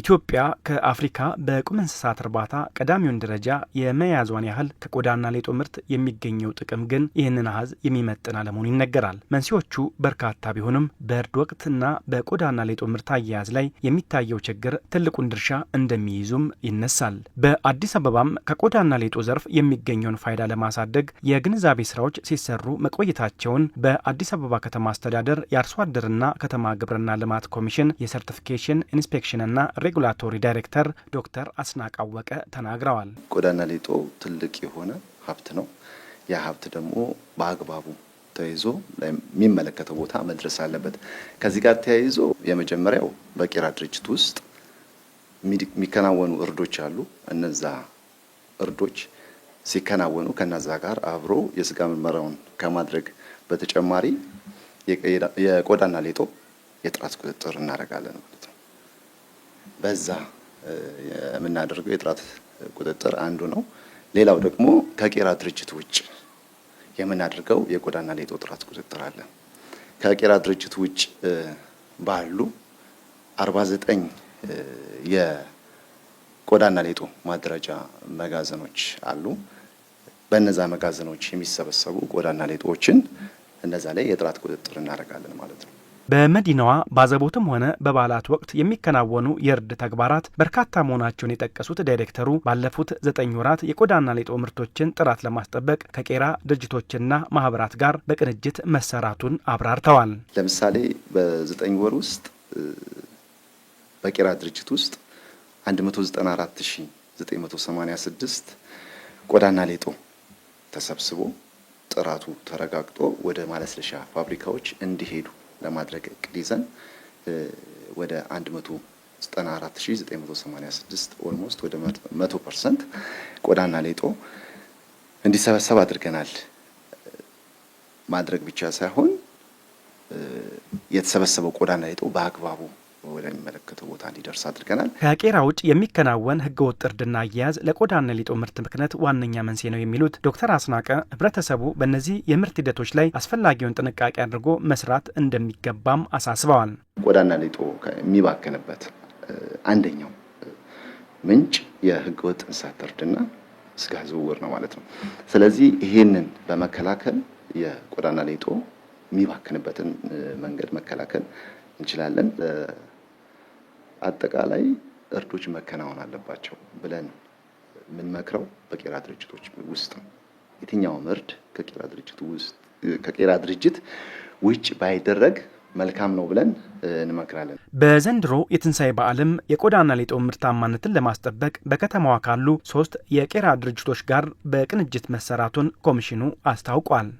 ኢትዮጵያ ከአፍሪካ በቁም እንስሳት እርባታ ቀዳሚውን ደረጃ የመያዟን ያህል ከቆዳና ሌጦ ምርት የሚገኘው ጥቅም ግን ይህንን አሀዝ የሚመጥን አለመሆኑ ይነገራል። መንስኤዎቹ በርካታ ቢሆንም በእርድ ወቅትና በቆዳና ሌጦ ምርት አያያዝ ላይ የሚታየው ችግር ትልቁን ድርሻ እንደሚይዙም ይነሳል። በአዲስ አበባም ከቆዳና ሌጦ ዘርፍ የሚገኘውን ፋይዳ ለማሳደግ የግንዛቤ ስራዎች ሲሰሩ መቆየታቸውን በአዲስ አበባ ከተማ አስተዳደር የአርሶ አደርና ከተማ ግብርና ልማት ኮሚሽን የሰርቲፊኬሽን ኢንስፔክሽንና ሬጉላቶሪ ዳይሬክተር ዶክተር አስናቅ አወቀ ተናግረዋል። ቆዳና ሌጦ ትልቅ የሆነ ሀብት ነው። ያ ሀብት ደግሞ በአግባቡ ተይዞ የሚመለከተው ቦታ መድረስ አለበት። ከዚህ ጋር ተያይዞ የመጀመሪያው በቄራ ድርጅት ውስጥ የሚከናወኑ እርዶች አሉ። እነዛ እርዶች ሲከናወኑ ከነዛ ጋር አብሮ የስጋ ምርመራውን ከማድረግ በተጨማሪ የቆዳና ሌጦ የጥራት ቁጥጥር እናደርጋለን። በዛ የምናደርገው የጥራት ቁጥጥር አንዱ ነው። ሌላው ደግሞ ከቄራ ድርጅት ውጭ የምናደርገው የቆዳና ሌጦ ጥራት ቁጥጥር አለ። ከቄራ ድርጅት ውጭ ባሉ 49 የቆዳና ሌጦ ማደራጃ መጋዘኖች አሉ። በነዛ መጋዘኖች የሚሰበሰቡ ቆዳና ሌጦዎችን እነዛ ላይ የጥራት ቁጥጥር እናደርጋለን ማለት ነው። በመዲናዋ ባዘቦትም ሆነ በበዓላት ወቅት የሚከናወኑ የእርድ ተግባራት በርካታ መሆናቸውን የጠቀሱት ዳይሬክተሩ ባለፉት ዘጠኝ ወራት የቆዳና ሌጦ ምርቶችን ጥራት ለማስጠበቅ ከቄራ ድርጅቶችና ማህበራት ጋር በቅንጅት መሰራቱን አብራርተዋል። ለምሳሌ በዘጠኝ ወር ውስጥ በቄራ ድርጅት ውስጥ 194986 ቆዳና ሌጦ ተሰብስቦ ጥራቱ ተረጋግጦ ወደ ማለስለሻ ፋብሪካዎች እንዲሄዱ ለማድረግ እቅድ ይዘን ወደ 194986 ኦልሞስት ወደ 100 ፐርሰንት ቆዳና ሌጦ እንዲሰበሰብ አድርገናል። ማድረግ ብቻ ሳይሆን የተሰበሰበው ቆዳና ሌጦ በአግባቡ ወደሚመለከተው ቦታ እንዲደርስ አድርገናል። ከቄራ ውጭ የሚከናወን ህገወጥ እርድና አያያዝ ለቆዳና ሊጦ ምርት ምክንያት ዋነኛ መንስኤ ነው የሚሉት ዶክተር አስናቀ ህብረተሰቡ በእነዚህ የምርት ሂደቶች ላይ አስፈላጊውን ጥንቃቄ አድርጎ መስራት እንደሚገባም አሳስበዋል። ቆዳና ሊጦ የሚባክንበት አንደኛው ምንጭ የህገወጥ እንስሳት እርድና ስጋ ዝውውር ነው ማለት ነው። ስለዚህ ይሄንን በመከላከል የቆዳና ሌጦ የሚባክንበትን መንገድ መከላከል እንችላለን። አጠቃላይ እርዶች መከናወን አለባቸው ብለን የምንመክረው በቄራ ድርጅቶች ውስጥ ነው። የትኛውም እርድ ከቄራ ድርጅት ውስጥ ከቄራ ድርጅት ውጭ ባይደረግ መልካም ነው ብለን እንመክራለን። በዘንድሮ የትንሣኤ በዓልም የቆዳና ሌጦ ምርታማነትን ለማስጠበቅ በከተማዋ ካሉ ሶስት የቄራ ድርጅቶች ጋር በቅንጅት መሰራቱን ኮሚሽኑ አስታውቋል።